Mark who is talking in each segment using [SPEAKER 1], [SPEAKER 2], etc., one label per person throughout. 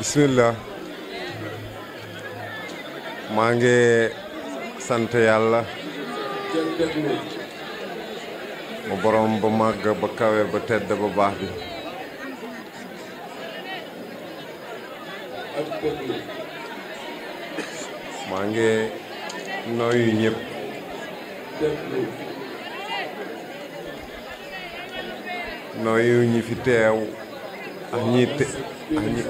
[SPEAKER 1] bismillah maa ngi sant yàlla mu borom ba màgg ba kawe ba tedd ba baax bi maa ngi nooyu ñëpp nooyu ñi fi teew Они ты... Они...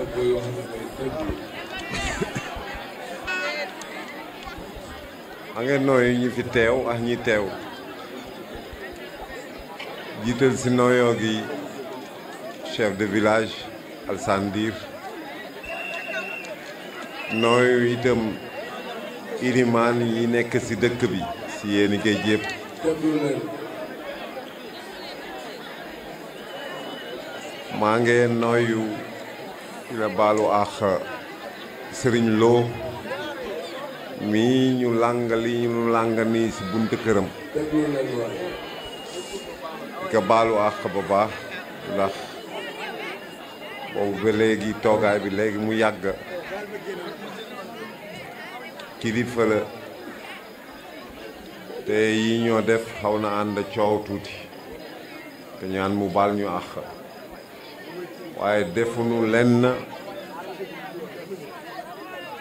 [SPEAKER 1] a ngeen ñi teew jiital si nooyoo gi chef de village Alsane Dir nooyu itam irimaan yi nekk si dëkk bi si yéeni géej yëpp maa ngi nooyu la baalu ak sëriñ Lo mii ñu làng li ñu làng nii si bunt këram nga baalu ak ba baax ndax boobu ba léegi toogaay bi léegi mu yàgg kilifa la te yi ñoo def xaw na ànd coow tuuti te ñaan mu baal ñu àq waaye defunu len,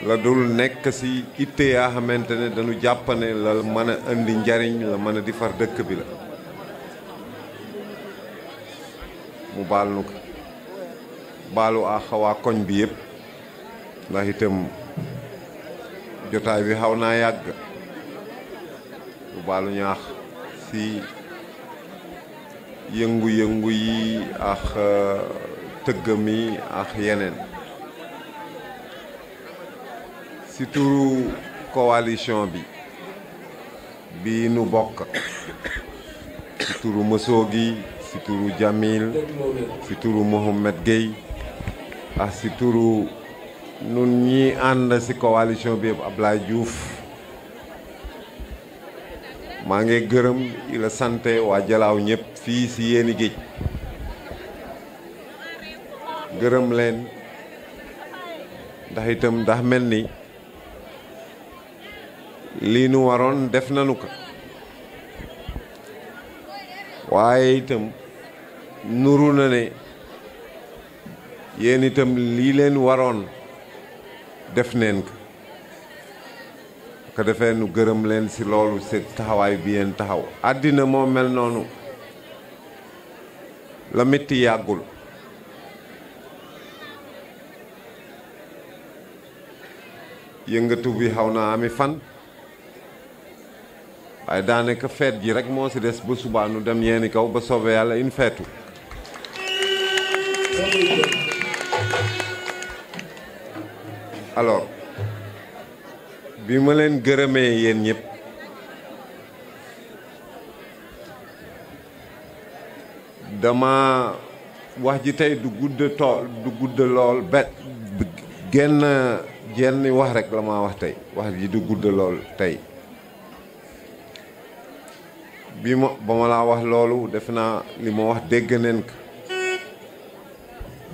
[SPEAKER 1] la dul nekk ci itte yaa xamante ne dañu jàpp ne la mën a indi njariñ la mën a di far dëkk bi la mu baal nu a koñ bi ndax itam jotaay bi mu ñaax ci yëngu-yëngu yi ak tëgg mi ak yeneen ci turu coalition bi nu bokk ci turu mësoo gi ci turu Jamil ci turu nun ñi ànd ci coalition bi yëpp Ablaye Diouf maa ngi gërëm i la sant waa Jalaaw ñëpp fii ci Yéni Géej gërëm leen ndax itam mel ni lii nu waroon def nanu ko waaye itam nuru na ne yéen itam lii leen waroon def neen ko ko defee nu gërëm leen ci loolu seen taxawaay bi yéen taxaw àddina moo mel noonu la mitti yàggul yëngatu bi xaw naa ami fan waaye daanaka feet gi rek moo si des ba subaa dem yeeni kaw ba soobee yàlla in feetu alors bi ma leen gërëmee yéen ñëpp dama wax ji tey du gudd tool du gudd lool bet genn jenn wax rek la ma wax tey wax ji du gudd lool tey bi ma ba ma laa wax loolu defe naa li ma wax dégg neen ko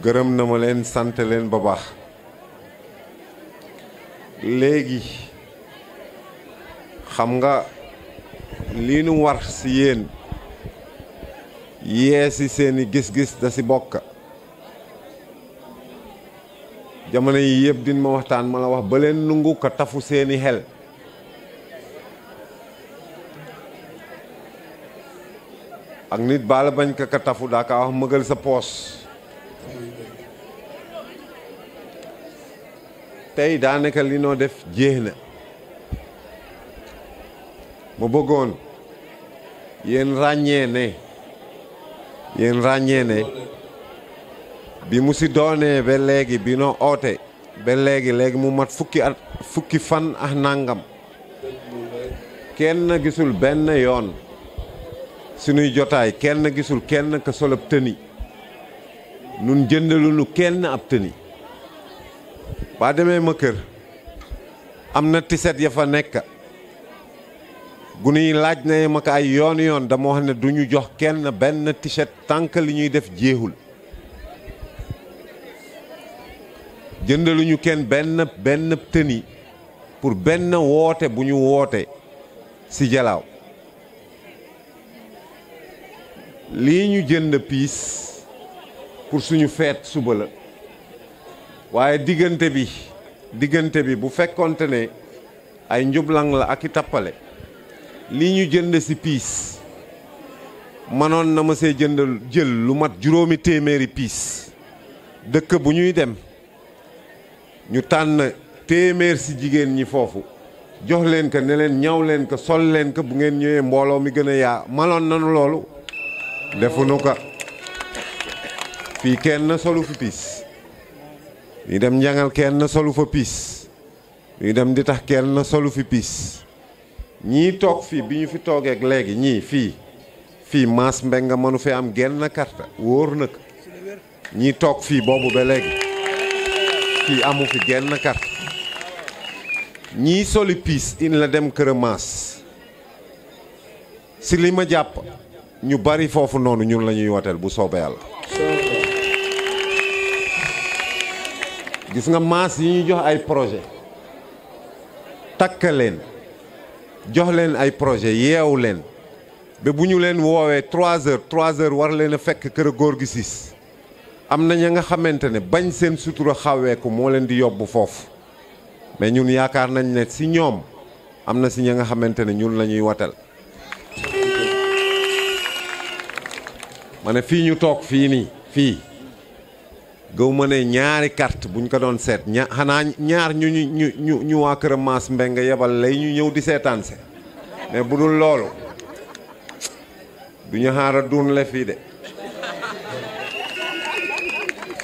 [SPEAKER 1] gërëm na ma leen sant leen ba baax léegi xam nga liinu nu war si yéen yee si seeni gis-gis da si bokka jamono yii yëpp din ma waxtaan ma la wax ba nungu ko tafu seeni xel ak nit baala bañ ka ka tafu daa kaa wax mëgal sa poos tey daanaka li noo def jéex na ma bëggoon yéen ràññee ne yéen ràññee bi mu si doonee ba léegi bi noo oote ba léegi léegi mu mat fukki at fukki fan ak nangam kenn gisul benn yoon sunuy jotaay kenn gisul kenn ka solab tëni nun jëndalunu kenn ab tëni baa demee ma kër am na tiset ya fa nekk gunuy laaj na ma ko ay yoon yoon dama wax ne du ñu jox kenn benn tiset tànk li ñuy def jeexul jëndaluñu kenn benn benn tëni pour benn woote bu ñu woote si Jalaaw lii ñu jënd piis pour suñu feet suba la waaye diggante bi diggante bi bu fekkonte ne ay njublang la aki tappale lii ñu jënd si piis manoon na ma see jëndal jël lu mat juróomi téeméeri piis dëkk bu ñuy dem ñu tànn téeméer si jigéen ñi foofu jox leen ko ne leen ñaw leen ko sol leen ko bu ngeen ken mbooloo mi gën a yaa maloon nanu loolu defuñu ko fii kenn solu fi piis ñu dem njangal kenn solu dem di tax kenn solu fi piis ñii toog fii bi ñu fi toogeeg léegi ñii fii fii maas mbeng nga fi am genn fii amu fi genn carte ñii soli piis in la dem kër maas si li ma jàpp ñu bari foofu noonu ñun la ñuy woteel bu soobee yàlla gis nga maas yi ñuy jox ay projet takk leen jox leen ay projet yeewu leen ba bu ñu leen woowee trois heures trois heures war leen a fekk kër góor gi siis am na ña nga xamante ne bañ seen sutura xawee ko moo leen di yobbu foofu mais ñun yaakaar nañ ne si ñoom am na si ña nga xamante ne ñun lañuy ñuy watal ma ne fii ñu toog fii nii fii gëw ma ne ñaari carte buñ ko doon seet ña xanaa ñaar ñu ñu ñu ñu waa Kër Maas Mbeng yebal lay ñu ñëw di seetaan se mais bu dul loolu du ñu xaar a duun fii de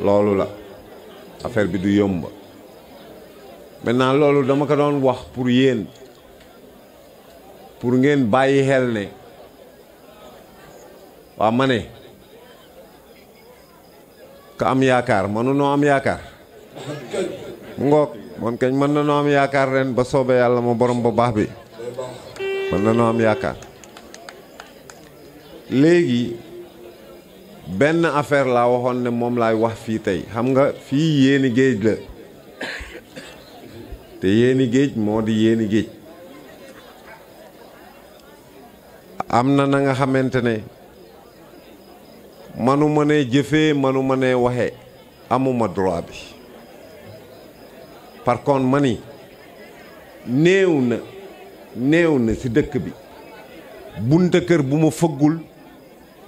[SPEAKER 1] Lalu la affaire bi du yomb maintenant loolu dama ko doon wax pour yéen pour ngeen bàyyi xel ne waa ma ne ka am yaakaar mënu noo am yaakaar mu ngoog man kañ am yaakaar ren ba soobee yàlla ma borom ba baax bi am benn affaire laa waxoon ne moom laay wax fii tey xam nga fii yéeni géej la te yéeni géej moo di yéeni géej am na na nga xamante ne manu ma ne jëfee manu ma ne waxe amuma droit bi par contre ma ni néew na néew ci dëkk bi bunta kër bu ma fëggul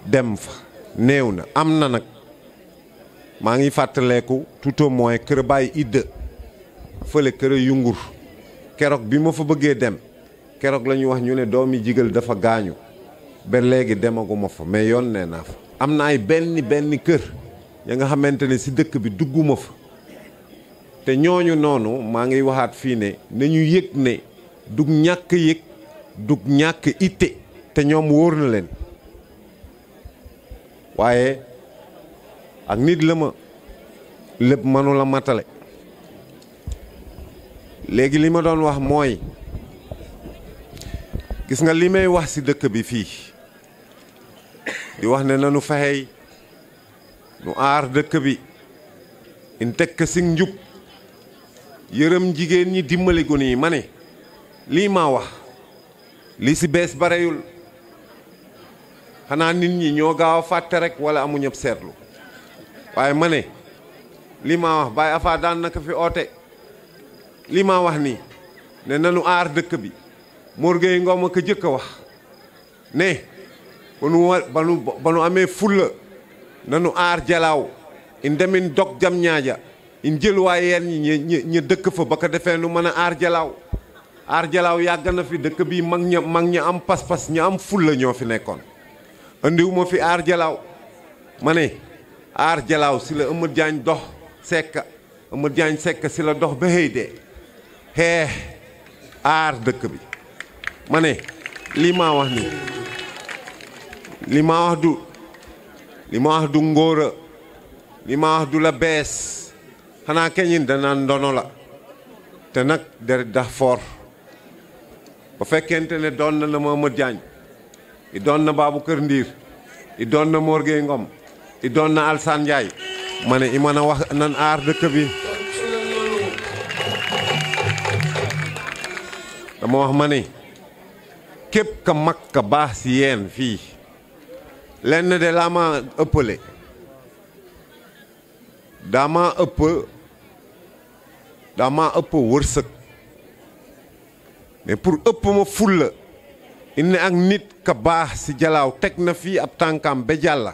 [SPEAKER 1] dem fa néew na am na nag maa ngi fàttaleeku tout au moins kër Baye Idda fële kër Yungur keroog bi ma fa bëggee dem keroog la wax ñu ne doomi jigal dafa gaañu ba léegi demaguma fa mais yoon nee naa am na ay benn benn kër ya nga xamante ne si dëkk bi dugguma fa te ñooñu noonu maa ngi waxaat fii ne nañu yëg ne dug ñàkk yëg dug ñàkk itte te ñoom wóor na leen waaye ak nit la ma lépp mënu matale léegi li ma doon wax mooy gis nga li may wax si dëkk bi fii di wax ne nanu fexey nu aar dëkk bi in tekk ci njub yërëm jigéen ñi dimbali gone yi ma ne lii maa wax li ci bees bareyul xanaa nit ñi ñoo gaaw a rek wala amuñu seetlu waaye ma ne li ma wax Baye Afa naka fi oote Lima wax nii ne nanu aar dëkk bi Mor Gueye Ngom ak jëkk wax ne banu wa banu banu amee fulla nanu aar jalaaw in dok jam ñaaja in jël waaye ñi ñi dëkk fa nu mën jalaaw aar jalaaw yàgg na fi dëkk bi mag ña mag am pas-pas am ñoo fi andiw fi aar jalaaw ma ne aar jalaaw si la Amad Diagne dox sekk Amad Diagne sekk si la dox ba xëy dee aar dëkk bi ma ne lii maa wax nii li ma wax du li ma wax du ngóora li ma wax du la bees xanaa keñin danaan ndono la te nag deret dax foor ba fekkente ne doon na ma Amad Diagne i doon na Babou Kër Ndiir i doon na Mor Ngom i doon na Alsaan Ndiaye ma ne i mën a wax nan aar dëkk bi dama wax ma ni képp ka mag ka baax si yéen fii lenn de laa ma ëppale daa ma ëpp daa ma ëpp wërsëg mais pour ëpp ma fulla indi ak nit ka baax si jalaaw teg na fii ab tànkam ba jàlla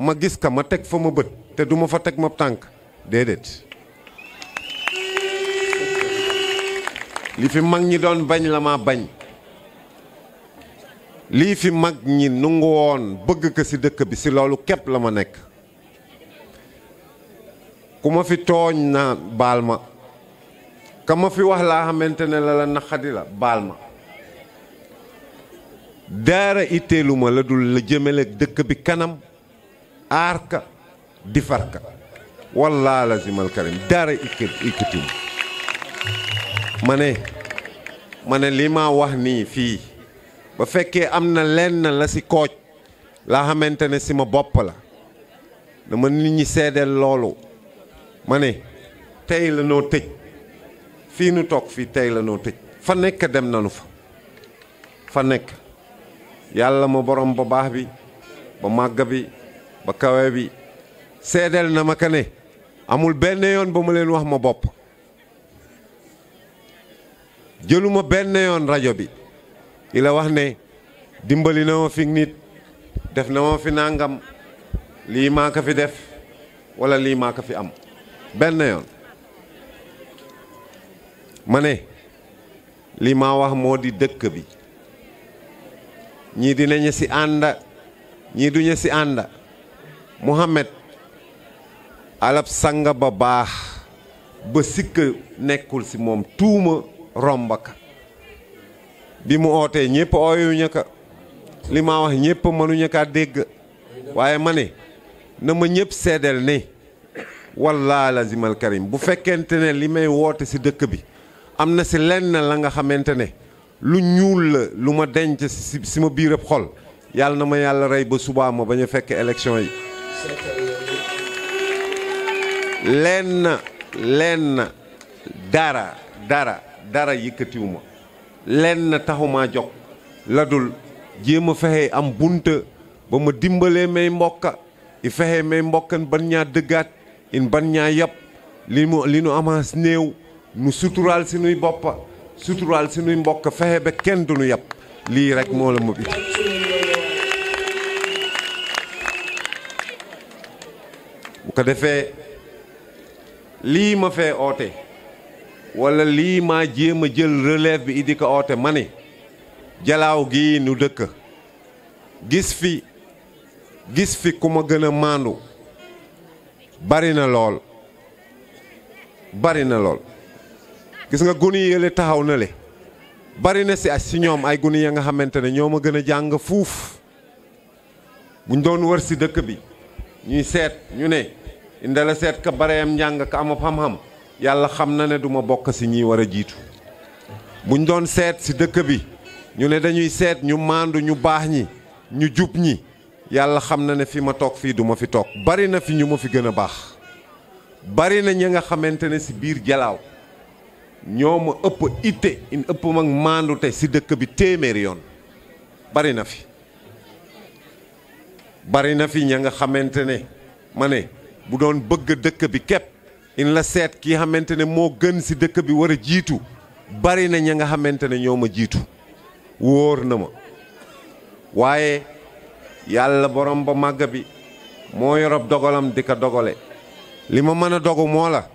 [SPEAKER 1] ma gis ka ma teg fa ma bët te duma fa teg ma tànk déedéet li fi mag ñi doon bañ la ma bañ lii fi mag ñi nungu woon bëgg ko si dëkk bi si loolu képp la ma nekk ku fi tooñ na balma. Kama ka ma fi wax laa xamante la la naqadi la baal daara itteelu ma la dul la jëmale dëkk bi kanam aar ka di far ka wallaa lazimal karim daara ikkatim ma ne ma ne li ma wax nii fii ba fekkee am na lenn la si kooj laa xamante ne si ma bopp la dama nit ñi seede loolu ma ne tey la noo tëj fii nu toog fii tey la noo tëj fa nekk dem nanu fa fa nekk yàlla ma borom ba baax bi ba màgg bi ba kawe bi seedeel na ma ka ne amul benn yoon ba ma leen wax ma bopp jëluma benn yoon rajo bi di la wax ne dimbali na ma fi nit def na ma fi nangam lii maa ko fi def walla lii maa ko fi am benn yoon ma ne li ma wax moo di dëkk bi ñii dinañu si ànd ñii duñu si ànd Muhammad alab sanga ba baax ba sikka nekkul si moom tuuma rombaka bi mu ootee ñépp ooyuñu ka li ma wax ñépp mënuñu kaa dégg waaye ma ne na ma ñépp seedeel ni wallaa lazimal karim bu fekkente ne li may woote si dëkk bi am na si lenn la nga xamante ne lu ñuul la lu ma denc si ma biir ab xol yàlla na ma yàlla rey ba subaa ma bañ a fekk élection yi lenn lenn dara dara dara yëkkatiwu ma lenn taxumaa jog la dul jéem a fexe am bunta ba ma dimbalee may mbokka i fexe may mbokkan ban ñaa dëggaat in ban ñaa yàpp mu li nu amaas néew nu suturaal si nuy boppa suturaal suñuy mbokk fexe ba kenn duñu yab lii rek moo la mobi bu ko defee lii ma fee oote wala lii maa jéem a jël relève bi idi ko oote ma ni jalaaw gii nu dëkk gis fi gis fi ku ma gën a maandu bari na lool bari na lool gis nga guni yële taxaw na le bari na si si ñoom ay guni ya nga xamante ne ñoo ma gën a jàng fuuf buñ doon wër si dëkk bi ñuy seet ñu ne inda seet ka bareyam njàng ka ama xam-xam yàlla xam na ne du ma bokk si ñi war a jiitu buñ doon seet si dëkk bi ñu ne dañuy seet ñu maandu ñu baax ñi ñu jub ñi yàlla xam na ne fi ma toog fii du ma fi toog bari na fi ñu ma fi gën a baax bari na ñi nga xamante ne si biir jalaaw ñoo ma ëpp itte in ëpp mag maandute si dëkk bi téeméeri yoon bari na fi bari na fi ña nga xamante ne ma ne bu doon bëgg dëkk bi képp in la seet kii xamante ne moo gën si dëkk bi war a jiitu bari na ña nga xamante ne ñoo ma jiitu wóor na ma waaye yàlla borom ba màgg bi moo yorob dogalam di ko dogale li ma mën a dogu moo la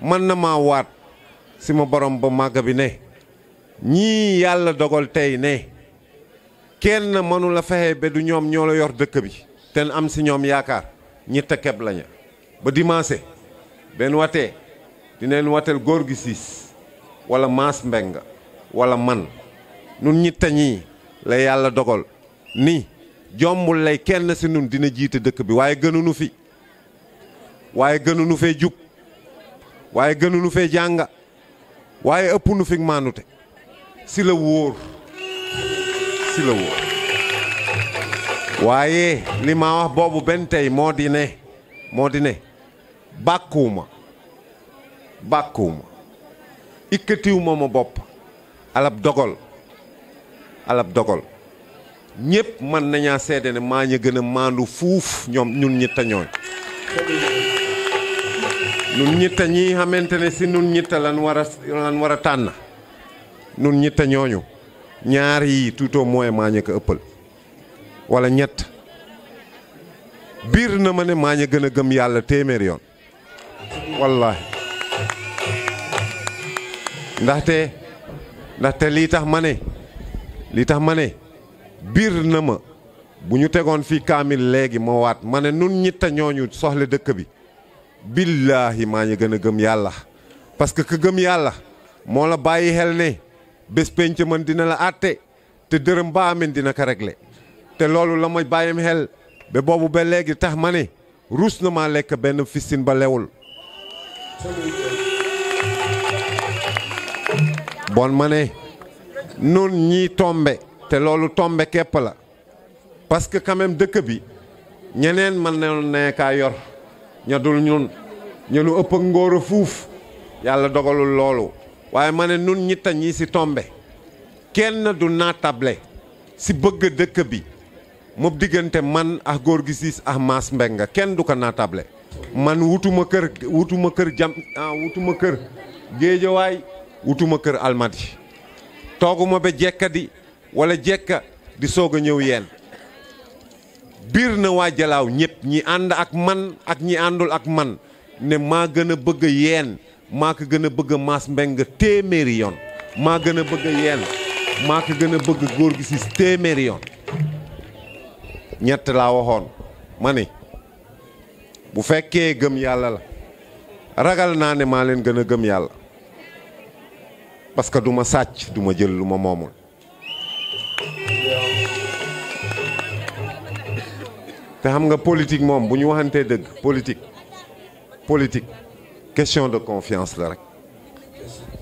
[SPEAKER 1] mën na maa waat si borom ba màgg bi ne ñii yàlla dogal tey ne kenn mënu la fexe be du ñoom ñoo yor dëkk bi ten am si ñoom yaakaar ñi tëkkeb lañu ba dimanche ben watee dineen wateel góor gi wala mas mbeng wala man nun ñi tañii la yàlla dogal ni jombul lay kenn si nun dina jiite dëkk bi waaye nu fi waaye gënunu fee jub waaye nu fe jànga waaye ëpp nu fi maanute si la wóor si wóor waaye li boobu benn tey moo di ne moo di ne bàkkuwuma bàkkuwuma ikkatiwuma ma bopp alab dogal alab dogal ñépp mën nañaa seede ne maa ñu gën a maandu fuuf ñoom ñun ñi tañooñ nun ñitta ñi xamante ne si nun ñitta lan war lan war a tànn nun ñitta ñooñu ñaar yi tuutoo mooy maa ñu ko ëppal wala ñett biir na ma ne maa ñu gën a gëm yàlla téeméer yoon wallaahi ndaxte ndaxte lii tax ma ne lii tax ma ne biir na ma bu ñu tegoon fii kaamil léegi ma waat ma ne nun ñitta ñooñu soxla dëkk bi billaahi maa ñu gën a gëm yàlla parce que gëm yàlla moo la bàyyi xel ne bés penc man dina la àtte te dërëm ba amen dina ko réglé te loolu la ma bàyyam xel ba boobu ba léegi tax ma ne ruus na maa lekk benn fistin ba lewul bon ma ne nun ñii tombe te loolu tombe képp la parce que quand dëkk bi ñeneen man ne kaa yor ña dul ñun ñu nu ëpp ak ngóor fuuf yàlla dogalul loolu waaye ma ne nun ñitta ñi si tombe kenn du naatable si bëgg dëkk bi mu diggante man ak góor gi siis ak maas mbenga kenn du ko naatable man wutuma kër wutuma kër jam ah, wutuma kër géejawaay wutuma kër almadi tooguma ba jekka di wala jekka di soog a ñëw yeen biir na waa Jalaaw ñëpp ñi ànd ak man ak ñi àndul ak man ne maa gën a bëgg yeen maa ko gën a bëgg a Mass Mbengue téeméeri yoon maa gën a bëgg yeen maa ko gën a bëgg góor gi téeméeri yoon ñett laa waxoon ma ni bu fekkee gëm yàlla la ragal naa ne maa leen gën a gëm yàlla parce que du ma sàcc du jël lu ma moomul te xam nga politique moom bu ñu waxantee dëgg politique politique question de confiance la rek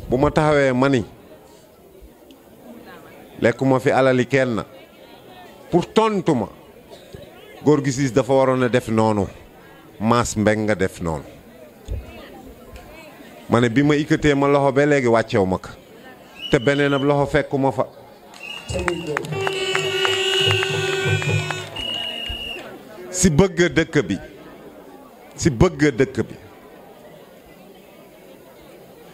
[SPEAKER 1] bu ma taxawee ma lekkuma fi alali kenn pour tontu ma góor gi siis dafa waroon a def noonu maas mbeng nga def noonu ma ne bi ma ikkatee ma loxo ba léegi wàccew ma ko te beneen loxo fekkuma fa si bëgg dëkk bi si bëgg dëkk bi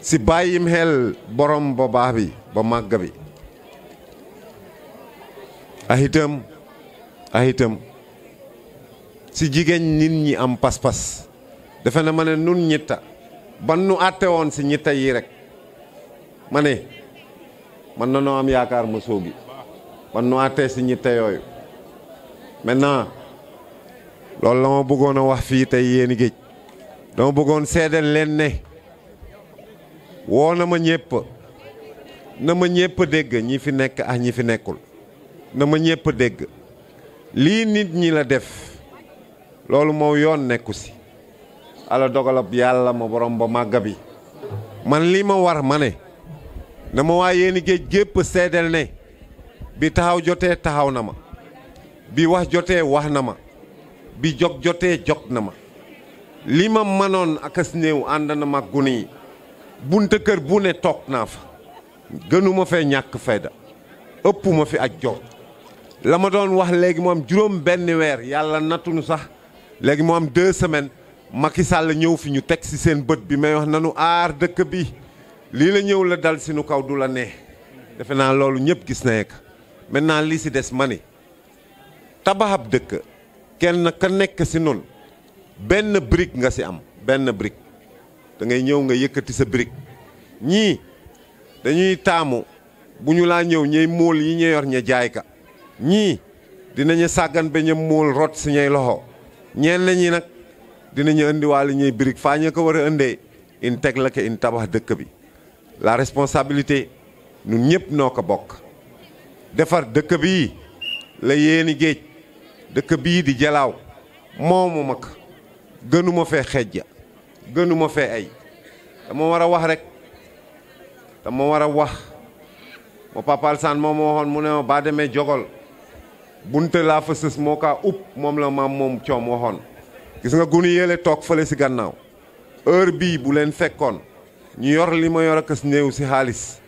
[SPEAKER 1] si bàyyim xel borom ba baax bi ba màgg bi ah itam ah si jigéen nit ñi am pas-pas defe na ma ne nun ñitta ban nu àtte woon si ñitta yi rek ma ne man na noo am yaakaar ma soogi ban nu àttee si ñitta yooyu maintenant loolu la ma bëggoon a wax fii tey yéeni géej dama bëggoon seedal leen ne woo na ma ñépp na ma ñépp dégg ñi fi nekk ak ñi fi nekkul na ma dégg nit ñi la def yoon si ala dogalab yàlla ma borom ba man li ma war mane, ne na ma waa yéeni géej gépp seedal ne bi taxaw jotee taxaw na ma bi wax jotee wax na ma bi jog jotee jog na ma lii ma manoon akas néew ànd na mag gune yi bunte kër bu ne toog naa fa gënuma fee ñàkk fayda ëpp ma fi ak jog la ma doon wax léegi moom am juróom benn weer yàlla nattuñu sax léegi moom am deux semaines Macky ñëw fi ñu teg si seen bët bi may wax nanu aar dëkk bi lii la ñëw la dal sinu kaw du la neex defe naa loolu ñëpp gis na yekk maintenant li ci des ma ni dëkk kenn ka nekk si noonu benn brique nga si am benn brique dangay ñëw nga yëkkati sa brique ñii dañuy taamu bu ñu laa ñëw ñey muul yi ña yor ña jaay ka ñii dinañu sàggan ba ña móol rot si ñay loxo ñeen ñi nag dinañu indiwaale ñuy brique faa ña ko war a indee in teg la ke in tabax dëkk bi la responsabilité ñun ñëpp noo ko bokk defar dëkk bi la yéeni géej dëkk bii di jalaaw moomu mag gënuma fee xejja gënuma fee ay dama war a wax rek dama war a wax ma Papa Alsaan moom ma mu ne ma baa demee jogol bunte laa fa sës moo kaa upp moom la maam moom coom waxoon gis nga gunu yële toog fële si gannaaw heure bii bu leen fekkoon ñu yor li ma yor a kës néew si xaalis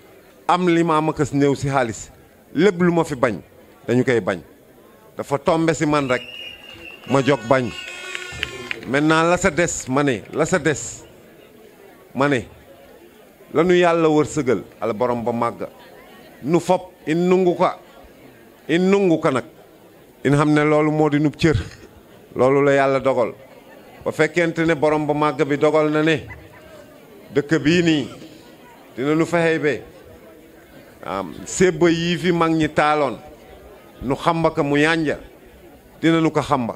[SPEAKER 1] am li ma am a kës néew si xaalis lépp lu ma fi bañ dañu koy bañ dafa tombe si man rek ma jog bañ maintenant la sa des ma ne la sa des ma ne lanu yàlla wërsëgal ala borom ba màgg nu fop in nungu ko in nungu ko nag in xam ne loolu moo di nub cër loolu la yàlla dogal ba fekkente ne borom ba màgg bi dogal na ne dëkk bii nii dina nu fexey be séeba yii fi mag ñi taaloon nu xamba ka mu yànja dinañu ko xamba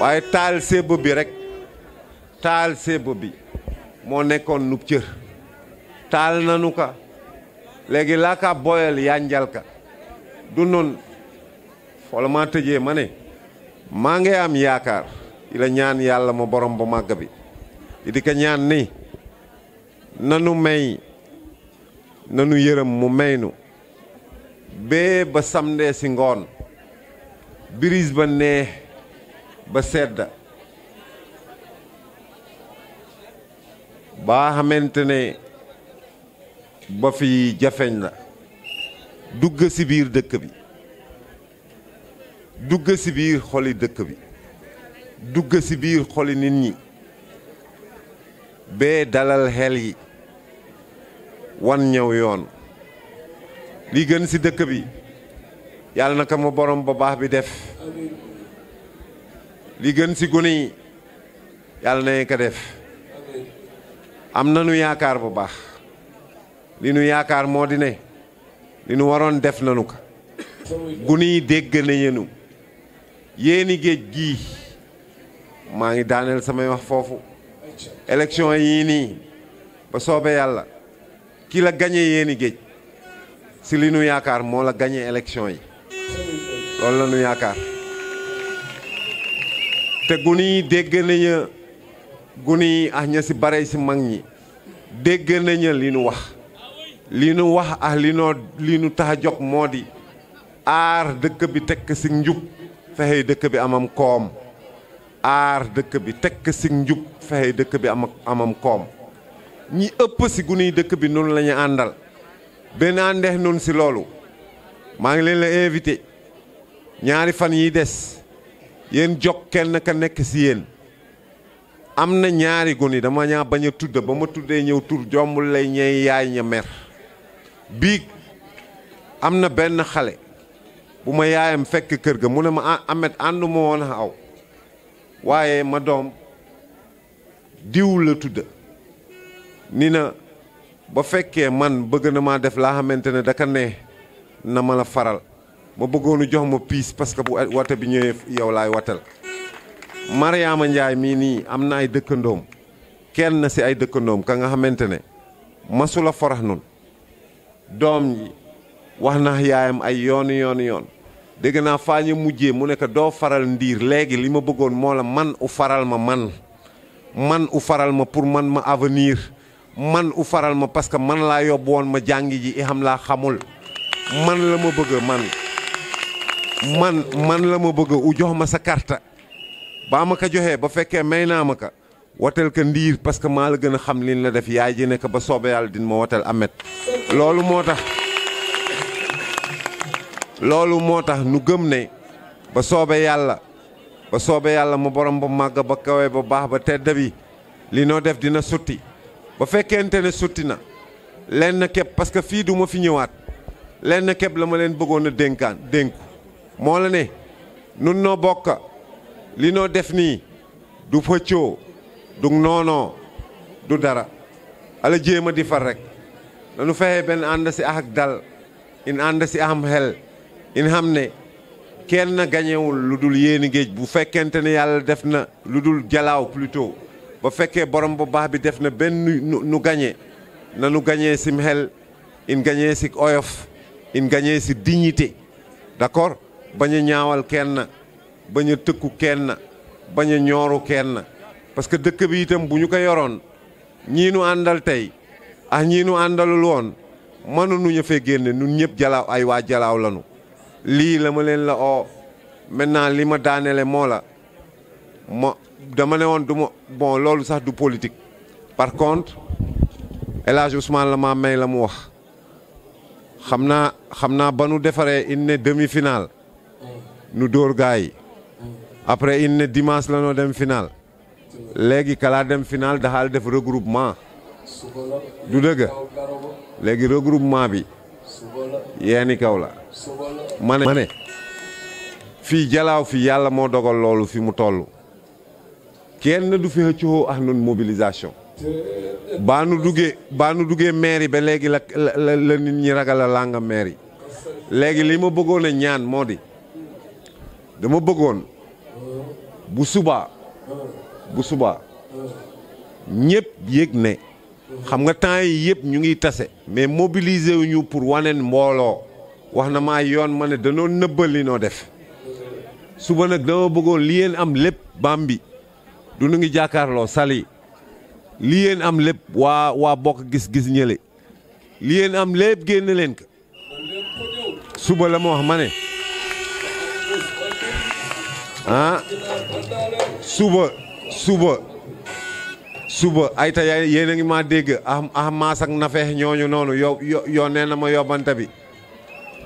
[SPEAKER 1] waaye taal sébb bi rek taal sébb bi moo nekkoon nu cër taal nanu ka léegi laa ka boyal yànjal ka du noon foola maa tëjee ma maa ngi am yaakaar i la ñaan yàlla mu borom bu màgg bi di ko ñaan ni nanu may nanu yërëm mu may bee ba samdee si ngoon biriis ba neex ba sedda baa xamante ne ba fi jafeñ la dugg si biir dëkk bi dugg si biir xoli dëkk bi dugg si biir xoli nit ñi bee dalal xel yi wan ñëw yoon lii gën si dëkk bi yàlla na ko ma borom ba baax bi def li gën si gune yi yàlla na ko def am nanu yaakaar bu baax li nu yaakaar moo di ne li nu waroon def nanu ko gune yi dégg na yenu yéeni géej gii maa ngi daaneel samay wax foofu élection yii nii ba soobee yàlla ki la gañe yéeni géej si li nu yaakaar moo la gagné élection yi loolu la nu yaakaar te gu dégg nañu gu si bare si mag ñi dégg nañu li wax li wax ah li noo li nu tax a jóg moo di bi njub bi amam kom. Ar dëkk bi tekk fehe njub bi amam kom. ñi ëpp si guni nuy dëkk bi benaa ndex nun si loolu maa ngi leen la invité ñaari fan yi des yéen jog kenn ka nekk si yéen am na ñaari guni dama ñaa bañ a tudd ba ma tuddee ñëw tur jombul lay ñey yaay ña mer biig am na benn xale bu ma yaayam fekk kër ga mu ne ma amet ah, àndu ma woon aw waaye ma doom diw la tudd ni na ba fekkee man bëgg na maa def laa xamante ne daka ne na ma la faral ma bëggoonu jox ma piis parce que bu wate bi ñëwee yow watal Mariama Ndiaye mii nii am na ay dëkkandoom kenn si ay dëkkandoom ka nga xamante masula forax nun doom ji wax na yaayam ay yoonu yoonu yoon dégg naa faa ñu mujjee mu nekk doo faral ndiir léegi li ma bëggoon moo la man u faral ma man man u faral ma pour man ma avenir man u faral ma parce que man laa yóbbu woon ma jàngi ji i xam laa xamul man la ma bëgg man man man la ma bëgg u jox ma sa karta baa ma ko joxee ba fekkee may naa ma ka watel ka ndiir parce que maa la gën a xam liin la def yaay ji nekk ba soobee yàlla din ma watel amet loolu moo tax loolu moo tax nu gëm ne ba soobe yàlla ba soobee yàlla ma borom ba màgg ba kawee ba baax ba tedd bi li noo def dina sutti ba fekkente ne sotti na lenn képp parce que fii du ma fi ñëwaat lenn képp la ma leen bëggoon a dénkaan dénku moo la ne nun noo bokk li noo def nii du fëccoo du noonoo du dara ala jéem a di far rek dañu fexe benn ànd si ak dal in ànd si am xel xam ne kenn gañewul lu dul yéeni géej bu fekkente ne yàlla def na lu dul jalaaw plutôt ba fekkee borom bu baax bi def na benn nu gañe na nu gañee sim xel in gañee si oyof in gañee si dignité d'accord bañ a ñaawal kenn bañ a tëkku kenn bañ a ñooru kenn parce que dëkk bi itam bu ñu ko yoroon ñii nu àndal tey ah ñii nu àndalul woon mënuñu ñu fee génne nun ñëpp jalaaw ay waa jalaaw lanu lii la ma la oo maintenant li ma daanele moo la mo dama ne woon bon lolou sax du politique par contre elage Ousmane la maa may la wax xamna xamna xam défaré ba demi-finale nous dor gars après une dimanche la no dem finale légui kala dem finale daxaal def regroupement du deug légui regroupement bi yéni kaw la mané ne fi jalaaw fii yàlla dogal lolou fi mu na du fi xëccoo ak nun mobilisation baa nu duggee baa nu duggee mairie ba léegi la la nit ñi ragal a langa mairie léegi li ma bëggoon ñaan moo di dama bëggoon bu subaa bu subaa ñëpp yëg ne xam nga temps yi yëpp ñu ngi tase mais mobiliser wu ñu pour waneen mbooloo wax na maa yoon ma ne danoo nëbbal li noo def suba nag dama bëggoon li yéen am lépp bi du ngi jàkkaarloo sali li yéen am lépp waa waa bokk gis-gis ñële li yéen am lépp génn leen suba la ma wax ma ne ah suba suba suba ayta yéen a ngi maa dégg ah ah maas ak ñooñu noonu yo ma yobante bi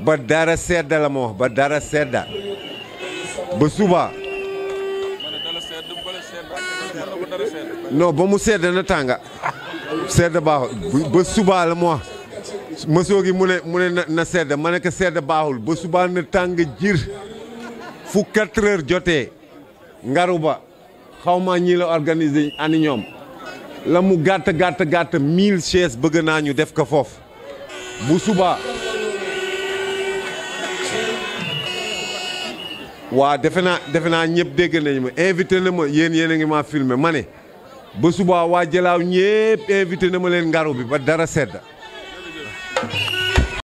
[SPEAKER 1] ba dara sedda la ma wax ba dara sedda ba suba. non ba mu sedd na tànga sedd baaxul ba subaa la mu wax mësoo gi mu ne mu ne na sedd ma ne ka sedd baaxul ba subaa na tàng jir fu 4 jotee ngaru ba xaw ma ñii la ani ñoom la mu gàtt gàtt gàtt mille chaises bëgg naa ñu def ko foofu bu subaa waa defe naa defe naa ñëpp dégg nañu ma invité na ma yéen yéen a ngi maa filmé ma ba suba waa Jalaaw ñépp invité na ma leen ngaru bi ba dara sedd